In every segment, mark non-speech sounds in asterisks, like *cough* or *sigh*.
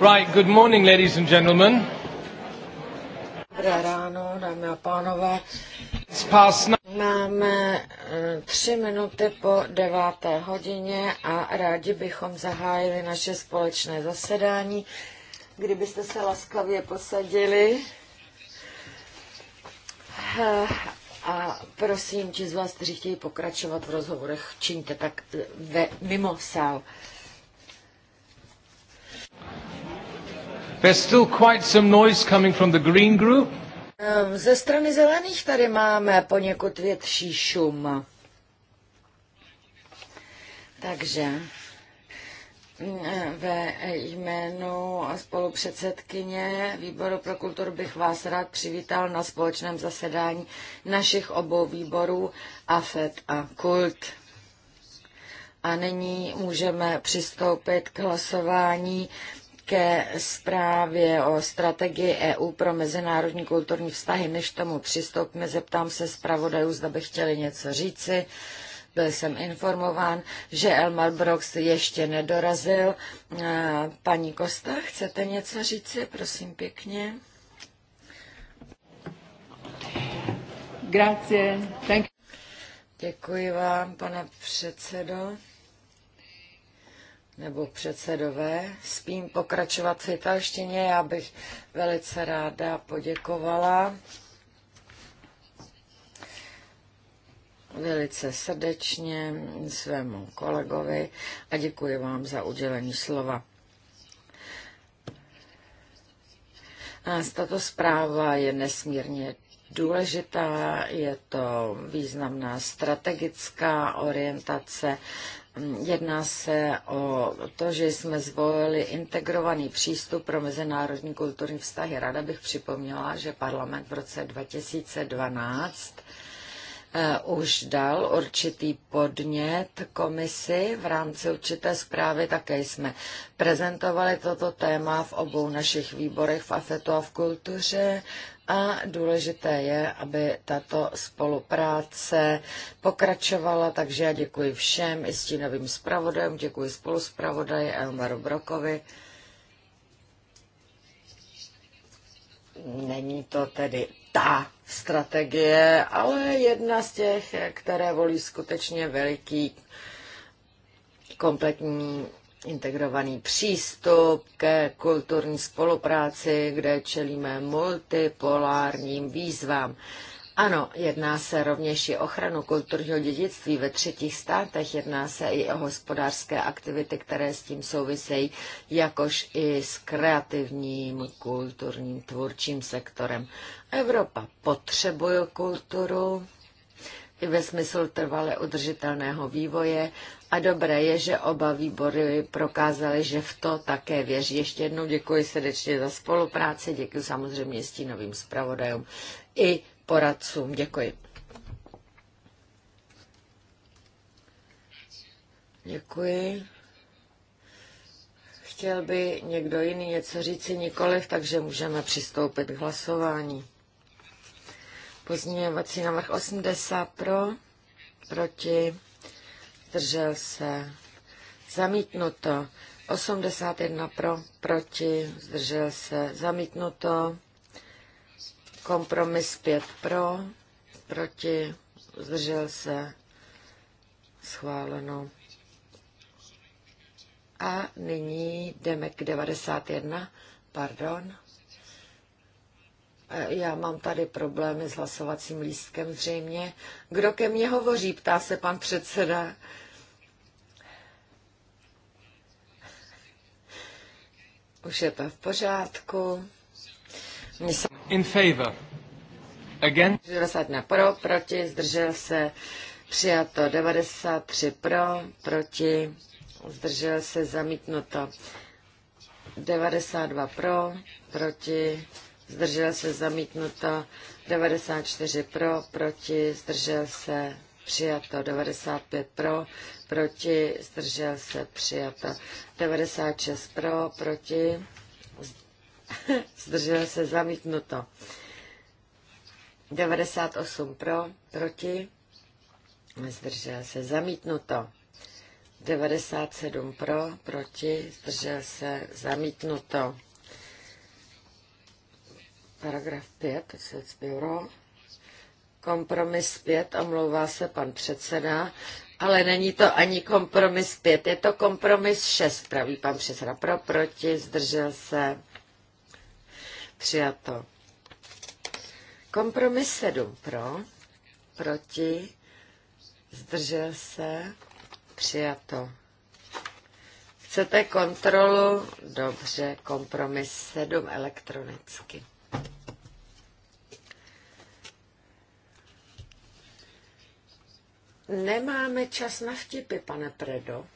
Right, good morning, ladies and gentlemen. Dobré ráno, dámy a pánové. Máme eh, tři minuty po deváté hodině a rádi bychom zahájili naše společné zasedání. Kdybyste se laskavě posadili eh, a prosím, ti z vás, kteří chtějí pokračovat v rozhovorech, čiňte tak eh, ve, mimo sál. There's still quite some noise coming from the green group. Ehm, ze strany zelených tady máme poněkud větší šum. Takže mm, ve jménu spolupředsedkyně Výboru pro kulturu bych vás rád přivítal na společném zasedání našich obou výborů AFET a KULT. A nyní můžeme přistoupit k hlasování ke zprávě o strategii EU pro mezinárodní kulturní vztahy, než tomu přistoupíme, zeptám se zpravodajů, zda by chtěli něco říci. Byl jsem informován, že Elmar Brox ještě nedorazil. Paní Kosta, chcete něco říci? Prosím pěkně. Grazie. Thank you. Děkuji vám, pane předsedo nebo předsedové. Spím pokračovat v italštině. Já bych velice ráda poděkovala velice srdečně svému kolegovi a děkuji vám za udělení slova. A tato zpráva je nesmírně důležitá, je to významná strategická orientace Jedná se o to, že jsme zvolili integrovaný přístup pro mezinárodní kulturní vztahy. Rada bych připomněla, že parlament v roce 2012 eh, už dal určitý podnět komisi v rámci určité zprávy. Také jsme prezentovali toto téma v obou našich výborech v AFETu a v kultuře a důležité je, aby tato spolupráce pokračovala, takže já děkuji všem i stínovým zpravodajům, děkuji spoluzpravodaji Elmaru Brokovi. Není to tedy ta strategie, ale jedna z těch, které volí skutečně veliký kompletní integrovaný přístup ke kulturní spolupráci, kde čelíme multipolárním výzvám. Ano, jedná se rovněž i ochranu kulturního dědictví ve třetích státech, jedná se i o hospodářské aktivity, které s tím souvisejí, jakož i s kreativním kulturním tvůrčím sektorem. Evropa potřebuje kulturu, ve smyslu trvale udržitelného vývoje a dobré je, že oba výbory prokázaly, že v to také věří. Ještě jednou děkuji srdečně za spolupráci, děkuji samozřejmě stínovým zpravodajům i poradcům. Děkuji. Děkuji. Chtěl by někdo jiný něco říci nikoliv, takže můžeme přistoupit k hlasování. Pozměňovací návrh 80 pro, proti, zdržel se, zamítnuto. 81 pro, proti, zdržel se, zamítnuto. Kompromis 5 pro, proti, zdržel se, schváleno. A nyní jdeme k 91, pardon. Eh, já mám tady problémy s hlasovacím lístkem zřejmě. Kdo ke mně hovoří, ptá se pan předseda. Už je to v pořádku. In favor. Again. na pro, proti, zdržel se, přijato 93 pro, proti, zdržel se, zamítnuto 92 pro, proti, zdržel se zamítnuto, 94 pro, proti, zdržel se přijato, 95 pro, proti, zdržel se přijato, 96 *laughs* pro, proti, zdržel se zamítnuto, 98 pro, proti, zdržel se zamítnuto. 97 pro, proti, zdržel se zamítnuto. Paragraf 5, Bureau. Kompromis 5, omlouvá se pan předseda, ale není to ani kompromis 5, je to kompromis 6, praví pan předseda. Pro, proti, zdržel se. Přijato. Kompromis 7 pro, proti, zdržel se, přijato. Chcete kontrolu? Dobře, kompromis 7 elektronicky. Nemáme čas na vtipy, pane Predo.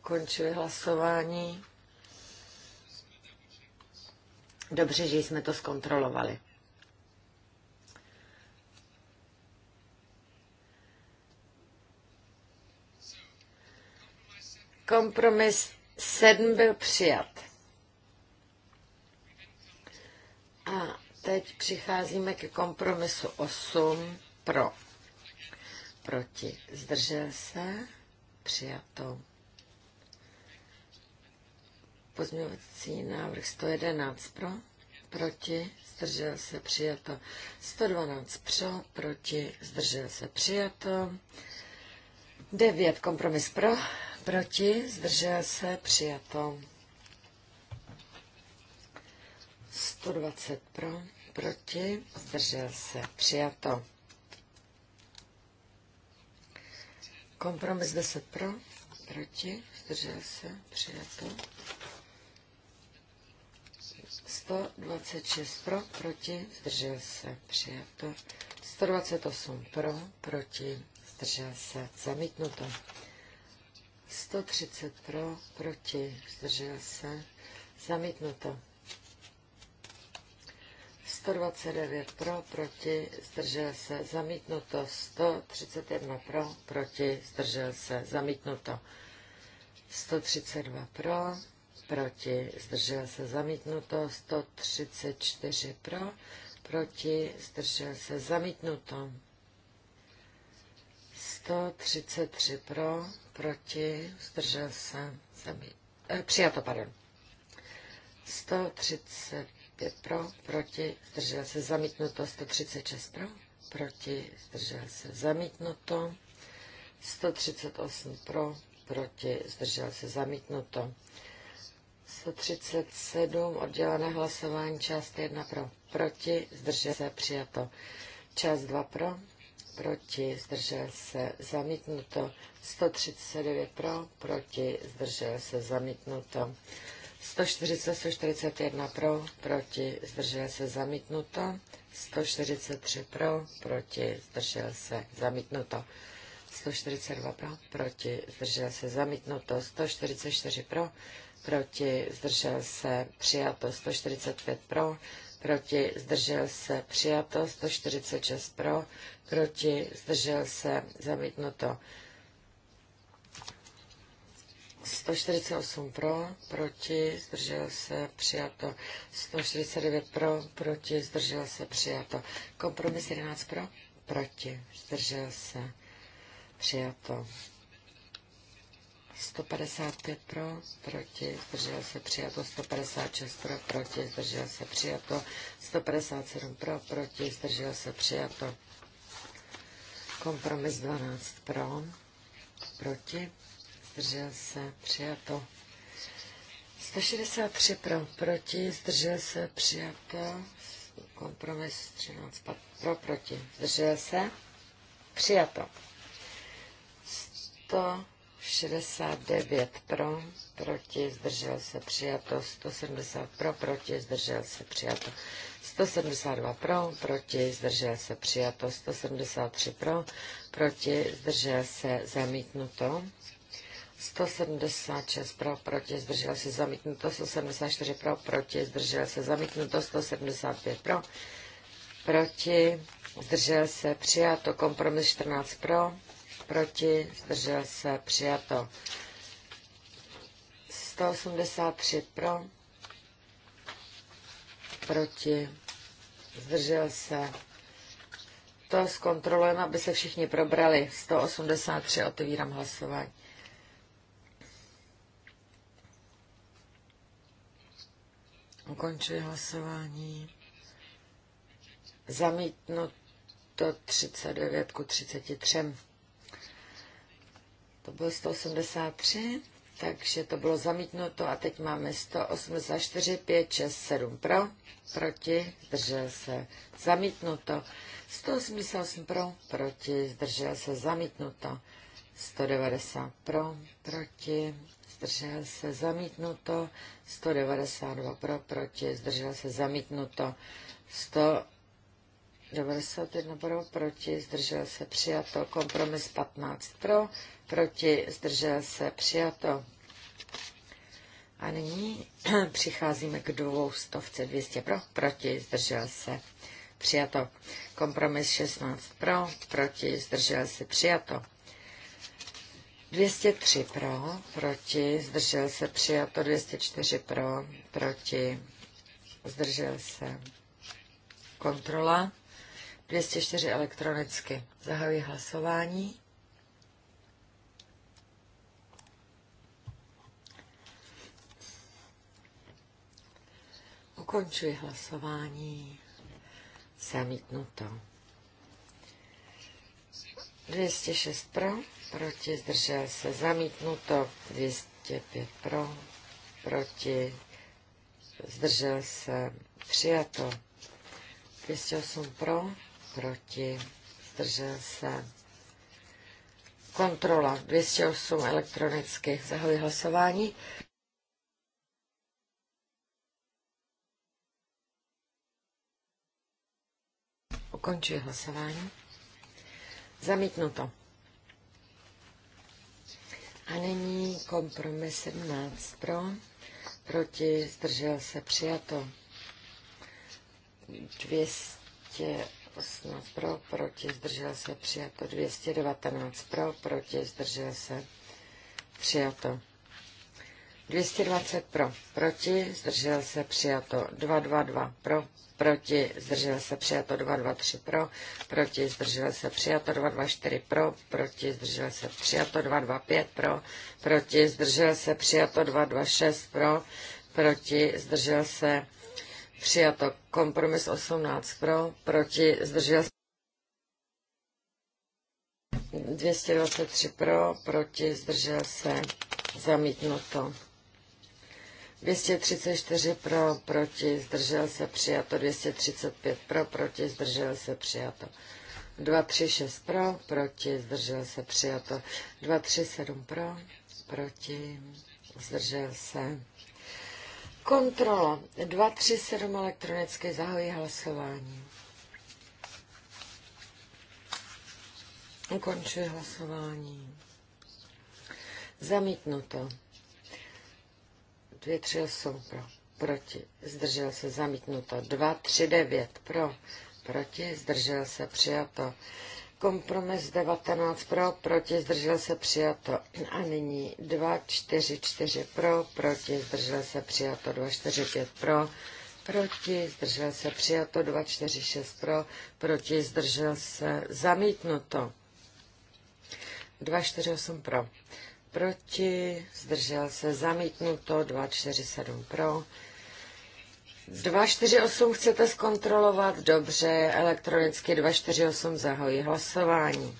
Končili hlasování. Dobře, že jsme to zkontrolovali. Kompromis 7 byl přijat. A teď přicházíme ke kompromisu 8 pro. Proti. Zdržel se. Přijato. Pozměňovací návrh 111 pro. Proti. Zdržel se. Přijato. 112 pro. Proti. Zdržel se. Přijato. 9. Kompromis pro. Proti. Zdržel se. Přijato. 120 pro, proti, zdržel se, přijato. Kompromis 10 pro, proti, zdržel se, přijato. 126 pro, proti, zdržel se, přijato. 128 pro, proti, zdržel se, zamítnuto. 130 pro, proti, zdržel se, zamítnuto. 129 pro, proti, zdržel se, zamítnuto. 131 pro, proti, zdržel se, zamítnuto. 132 pro, proti, zdržel se, zamítnuto. 134 pro, proti, zdržel se, zamítnuto. 133 pro, proti, zdržel se, zamít... eh, přijato, pardon. 130 135 pro, proti, zdržel se zamítnuto, 136 pro, proti, zdržel se zamítnuto, 138 pro, proti, zdržel se zamítnuto, 137 oddělené hlasování, část 1 pro, proti, zdržel se přijato, část 2 pro, proti, zdržel se zamítnuto, 139 pro, proti, zdržel se zamítnuto. 140, 141 pro, proti, zdržel se zamítnuto. 143 pro, proti, zdržel se zamítnuto. 142 pro, proti, zdržel se zamítnuto. 144 pro, proti, zdržel se přijato. 145 pro, proti, zdržel se přijato. 146 pro, proti, zdržel se zamítnuto. 148 pro, proti, zdržel se, přijato. 149 pro, proti, zdržel se, přijato. Kompromis 11 pro, proti, zdržel se, přijato. 155 pro, proti, zdržel se přijato, 156 pro, proti, zdržel se přijato, 157 pro, proti, zdržel se přijato, kompromis 12 pro, proti, zdržel se, přijato. 163 pro, proti, zdržel se, přijato. Kompromis 13 pro, proti, zdržel se, přijato. 169 pro, proti, zdržel se, přijato. 170 pro, proti, zdržel se, přijato. 172 pro, proti, zdržel se, přijato. 173 pro, proti, zdržel se, zamítnuto. 176 pro, proti, zdržel se zamítnuto, 174 pro, proti, zdržel se zamítnuto, 175 pro, proti, zdržel se přijato, kompromis 14 pro, proti, zdržel se přijato, 183 pro, proti, zdržel se. To zkontrolujeme, aby se všichni probrali. 183 otevírám hlasování. Ukončuji hlasování. to 39 ku 33. To bylo 183, takže to bylo zamítnuto a teď máme 184, 5, 6, 7 pro, proti, zdržel se, zamítnuto. 188 pro, proti, zdržel se, zamítnuto. 190 pro, proti, zdržel se zamítnuto, 192 pro, proti, zdržel se zamítnuto, 191 pro, proti, zdržel se přijato, kompromis 15 pro, proti, zdržel se přijato. A nyní *clears throat* přicházíme k dvou stovce 200 pro, proti, zdržel se přijato. Kompromis 16 pro, proti, zdržel se přijato. 203 pro, proti, zdržel se, přijato 204 pro, proti, zdržel se. Kontrola 204 elektronicky. Zahajuji hlasování. Ukončuji hlasování. Zamítnuto. 206 pro proti, zdržel se, zamítnuto, 205 pro, proti, zdržel se, přijato, 208 pro, proti, zdržel se, kontrola, 208 elektronicky, zahoji hlasování. Ukončuji hlasování. Zamítnuto. A nyní kompromis 17 pro, proti, zdržel se, přijato. 218 pro, proti, zdržel se, přijato. 219 pro, proti, zdržel se, přijato. 220 pro, proti, zdržel se přijato 222 pro, proti, zdržel se přijato 223 pro, proti, zdržel se přijato 224 pro, proti, zdržel se přijato 225 pro, proti, zdržel se přijato 226 pro, proti, zdržel se přijato kompromis 18 pro, proti, zdržel se 223 pro, proti, zdržel se zamítnuto. 234 pro, proti, zdržel se přijato. 235 pro, proti, zdržel se přijato. 236 pro, proti, zdržel se přijato. 237 pro, proti, zdržel se. Kontrola. 237 elektronicky zahojí hlasování. Ukončuji hlasování. Zamítnuto. Dvě, tři, osm pro, proti, zdržel se, zamítnuto. Dva, tři, devět pro, proti, zdržel se, přijato. Kompromis 19 pro, proti, zdržel se, přijato. A nyní 2, 4, 4 pro, proti, zdržel se, přijato. 2, 4, 5 pro, proti, zdržel se, přijato. 2, 4, 6 pro, proti, zdržel se, zamítnuto. 2, 4, 8 pro proti, zdržel se zamítnuto, 247 pro. 248 chcete zkontrolovat, dobře, elektronicky 248 zahojí hlasování.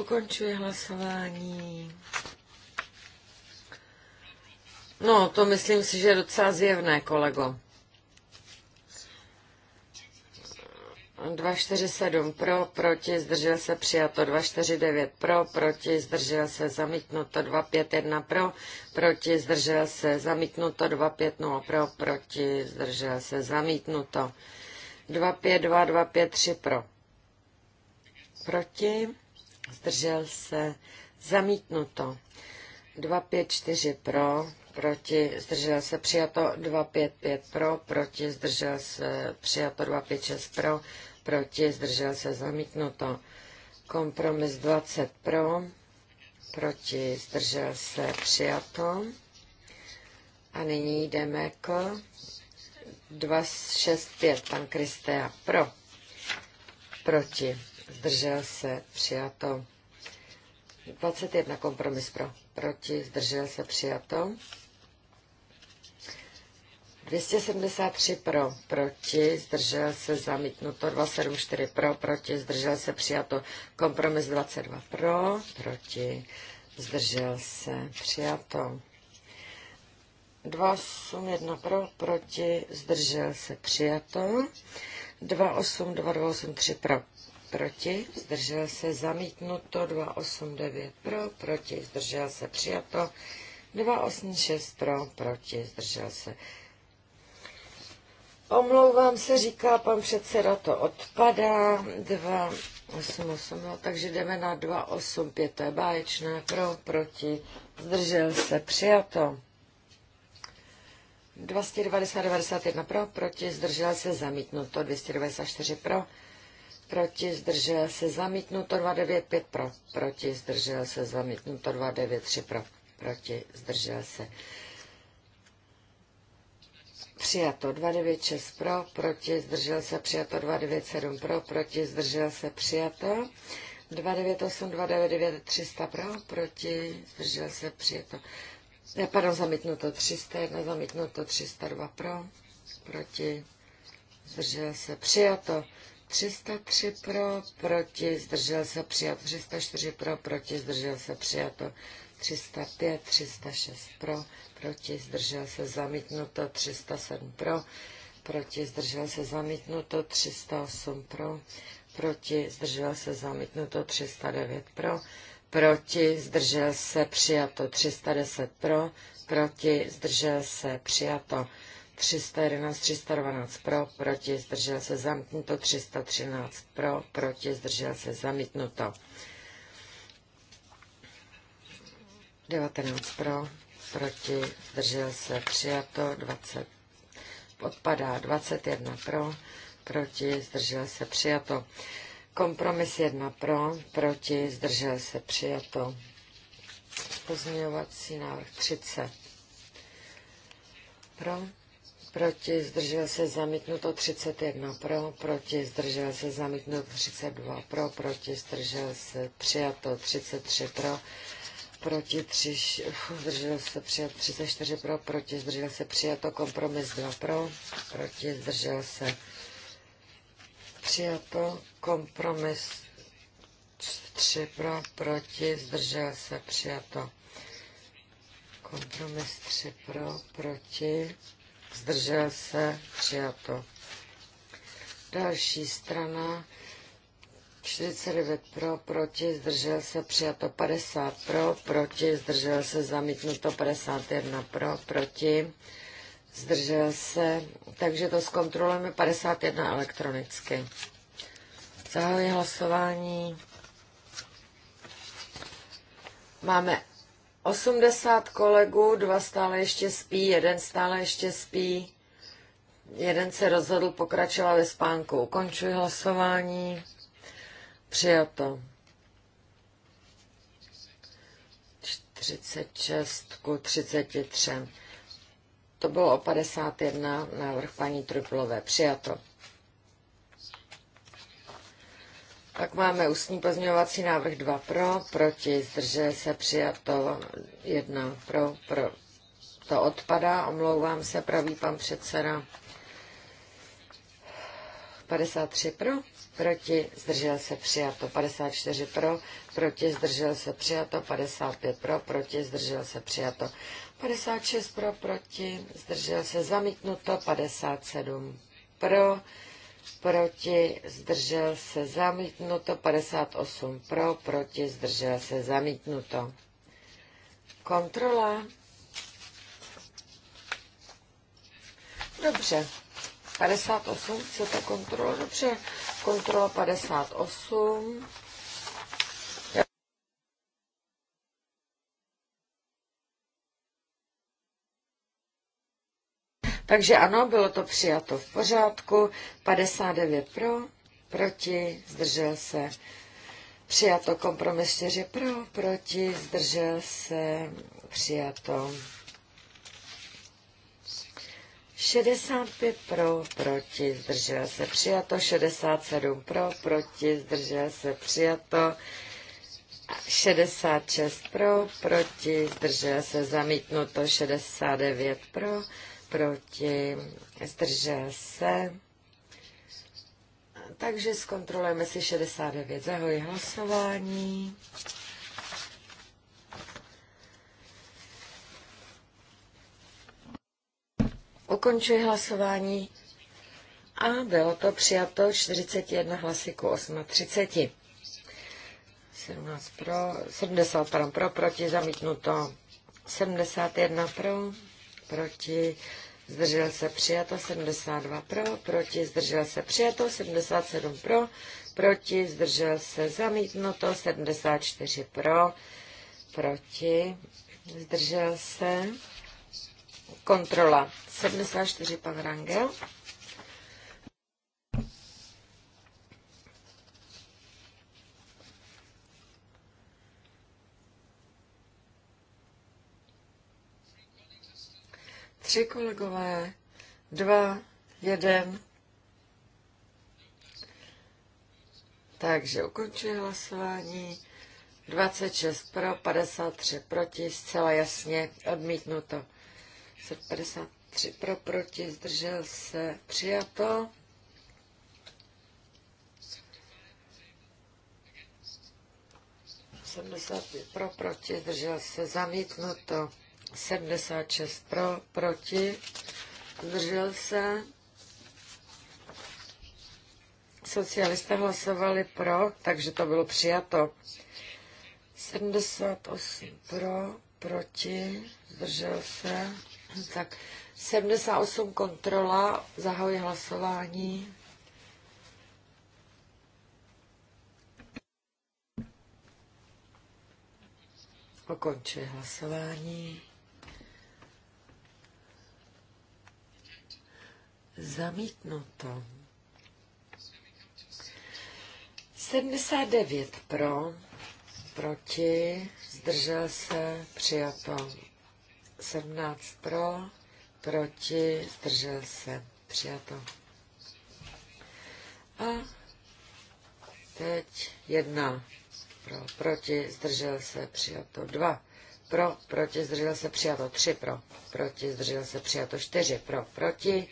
Ukončuji hlasování. No, to myslím si, že je docela zjevné, kolego. 247 pro, proti, zdržel se přijato 249 pro, proti, zdržel se zamítnuto 251 pro, proti, zdržel se zamítnuto 250 pro, proti, zdržel se zamítnuto 252, 253 pro, proti, zdržel se zamítnuto 254 pro, proti, zdržel se přijato 255 pro, proti, zdržel se přijato 256 pro, proti, zdržel se zamítnuto. Kompromis 20 pro, proti, zdržel se přijato. A nyní jdeme k 265, pan Kristea, pro, proti, zdržel se přijato. 21 kompromis pro, proti, zdržel se přijato. 273 pro, proti, zdržel se zamítnuto, 274 pro, proti, zdržel se přijato, kompromis 22 pro, proti, zdržel se přijato. 281 pro, proti, zdržel se přijato, 28, pro, proti, zdržel se zamítnuto, 289 pro, proti, zdržel se přijato, 286 pro, proti, zdržel se Omlouvám se, říká pan předseda, to odpadá. 2, 8, 8, no, takže jdeme na 2, 8, 5, to je báječné, pro, proti, zdržel se, přijato. 290, 91 pro, proti, zdržel se, zamítnuto, 294 pro, proti, zdržel se, zamítnuto, 295 pro, proti, zdržel se, zamítnuto, 293 pro, proti, zdržel se, Přijato 296 pro, proti zdržel se přijato 297 pro, proti zdržel se přijato 298, 299, 300 pro, proti zdržel se přijato. Ne, pardon, zamítnuto 301, zamítnuto 302 pro, proti zdržel se přijato. 303 pro, proti, zdržel se přijato. 304 pro, proti, zdržel se přijato. 305, 306 pro, proti, zdržel se zamítnuto, 307 pro, proti, zdržel se zamítnuto, 308 pro, proti, zdržel se zamítnuto, 309 pro, proti, zdržel se přijato, 310 pro, proti, zdržel se přijato, 311, 312 pro, proti, zdržel se zamítnuto, 313 pro, proti, zdržel se zamítnuto. 19 pro, proti, zdržel se, přijato, 20 odpadá, 21 pro, proti, zdržel se, přijato. Kompromis 1 pro, proti, zdržel se, přijato. Pozměňovací návrh 30 pro, proti, zdržel se zamítnuto 31 pro, proti, zdržel se zamítnuto 32 pro, proti, zdržel se přijato 33 pro, proti 3, zdržel se přijat 34 pro, proti zdržel se přijato, kompromis 2 pro, proti zdržel se přijato, kompromis 3 pro, proti zdržel se přijato, kompromis 3 pro, proti zdržel se přijato. Další strana 49 pro, proti, zdržel se, přijato 50 pro, proti, zdržel se, zamítnuto 51 pro, proti, zdržel se. Takže to zkontrolujeme 51 elektronicky. Zahajuji hlasování. Máme 80 kolegů, dva stále ještě spí, jeden stále ještě spí. Jeden se rozhodl pokračovat ve spánku. Ukončuji hlasování. Přijato. 36 ku 33. To bylo o 51 návrh paní Truplové. Přijato. Pak máme ústní pozměňovací návrh 2 pro, proti, zdrže se přijato 1 pro, pro. To odpadá, omlouvám se, pravý pan předseda. 53 pro proti, zdržel se přijato 54 pro, proti, zdržel se přijato 55 pro, proti, zdržel se přijato 56 pro, proti, zdržel se zamítnuto 57 pro, proti, zdržel se zamítnuto 58 pro, proti, zdržel se zamítnuto. Kontrola. Dobře. 58 chcete kontrolu? Dobře. Kontrola 58. Takže ano, bylo to přijato v pořádku. 59 pro, proti, zdržel se. Přijato kompromis 4 pro, proti, zdržel se. Přijato 65 pro, proti, zdržel se přijato, 67 pro, proti, zdržel se přijato, 66 pro, proti, zdržel se zamítnuto, 69 pro, proti, zdržel se. Takže zkontrolujeme si 69. Zahoj hlasování. Ukončuji hlasování a bylo to přijato 41 hlasy ku 38. 17 pro, 70 pardon, pro, proti, zamítnuto 71 pro, proti, zdržel se přijato 72 pro, proti, zdržel se přijato 77 pro, proti, zdržel se zamítnuto 74 pro, proti, zdržel se Kontrola. 74 pan Rangel. Tři kolegové, dva, jeden. Takže ukončuji hlasování. 26 pro, 53 proti, zcela jasně odmítnuto. 53 pro, proti, zdržel se, přijato. pro, proti, zdržel se, zamítnuto. 76 pro, proti, zdržel se. Socialisté hlasovali pro, takže to bylo přijato. 78 pro, proti, zdržel se. Tak 78 kontrola, zahajuji hlasování. Ukončuji hlasování. Zamítnuto. 79 pro, proti, zdržel se, přijato. 17 pro, proti, zdržel se, přijato. A teď jedna pro, proti, zdržel se, přijato. Dva pro, proti, zdržel se, přijato. Tři pro, proti, zdržel se, přijato. Čtyři pro, proti,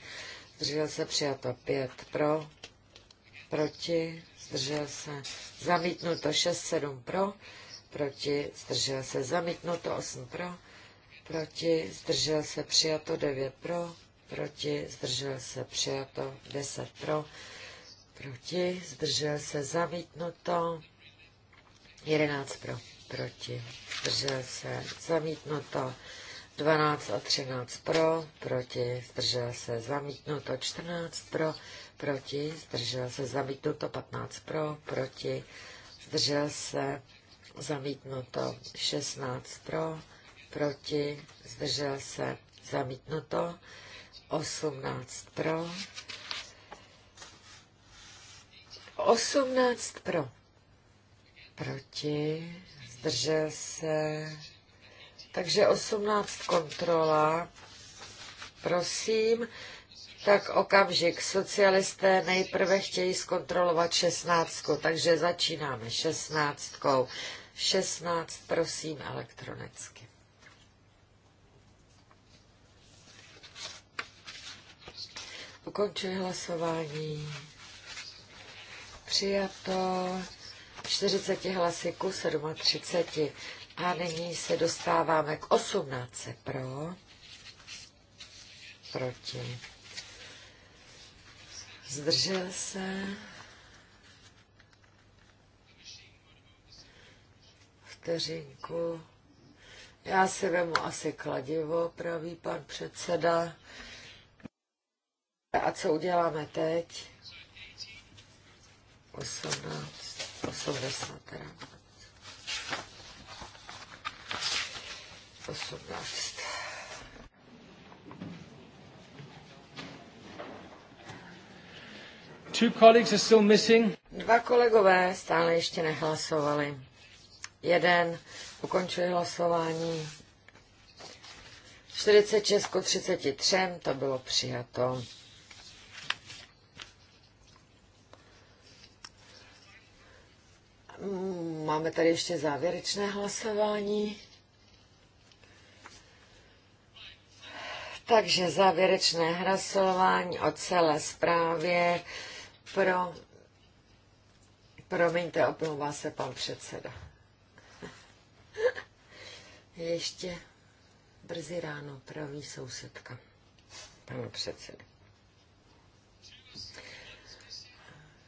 zdržel se, přijato. Pět pro, proti, zdržel se, zamítnuto. Šest, sedm pro, proti, zdržel se, zamítnuto. Osm pro, proti, zdržel se přijato, 9 pro, proti, zdržel se přijato, 10 pro, proti, zdržel se zamítnuto, 11 pro, proti, zdržel se zamítnuto, 12 a 13 pro, proti, zdržel se zamítnuto, 14 pro, proti, zdržel se zamítnuto, 15 pro, proti, zdržel se zamítnuto, 16 pro, proti, zdržel se, zamítnuto, 18 pro, 18 pro, proti, zdržel se, takže 18 kontrola, prosím, tak okamžik, socialisté nejprve chtějí zkontrolovat 16, takže začínáme 16. 16, prosím, elektronicky. Ukončuji hlasování. Přijato 40 hlasy ku 37. A nyní se dostáváme k 18 pro, proti. Zdržel se. Vteřinku. Já si vemu asi kladivo, pravý pan předseda. A co uděláme teď? 18, 80 teda. 18. Two colleagues are still missing. Dva kolegové stále ještě nehlasovali. Jeden ukončuje hlasování. 46 k 33, to bylo přijato. Máme tady ještě závěrečné hlasování. Takže závěrečné hlasování o celé zprávě pro... Promiňte, omlouvá se pan předseda. *laughs* Ještě brzy ráno praví sousedka, Pan předseda.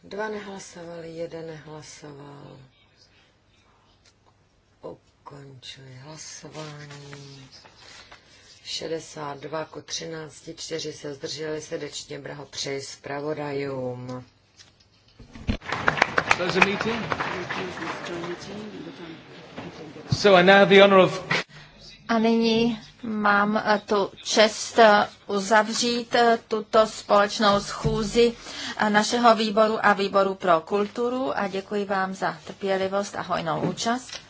Dva nehlasovali, jeden nehlasoval. Ukončuji hlasování. 62 ko 13, 4 se zdrželi srdečně blahopřeji zpravodajům. So I now the honor of... A nyní mám eh, tu čest eh, uzavřít eh, tuto společnou schůzi našeho výboru a výboru pro kulturu a děkuji vám za trpělivost a hojnou účast.